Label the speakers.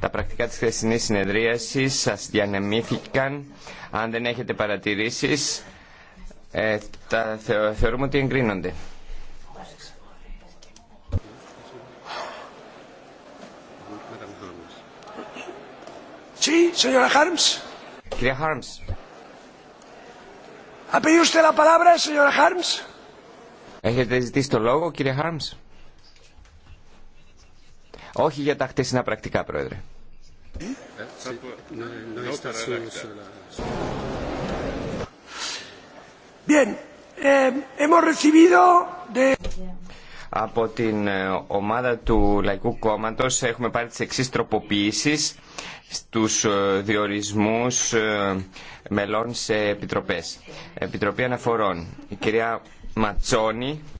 Speaker 1: Τα πρακτικά της χθεσινής συνεδρίασης σας διανεμήθηκαν. Αν δεν έχετε παρατηρήσεις, ε, τα θεω, θεωρούμε ότι εγκρίνονται.
Speaker 2: Sí, señora Harms. Κυρία Χάρμς. ¿Ha usted la palabra,
Speaker 1: Έχετε ζητήσει το λόγο, κύριε Χάρμς. Όχι για τα χτεσινά πρακτικά, Πρόεδρε. Eh, Από την ε, ομάδα του Λαϊκού Κόμματος έχουμε πάρει τις εξής τροποποιήσεις στους ε, διορισμούς ε, μελών σε επιτροπές. Επιτροπή Αναφορών. Η κυρία Ματσόνη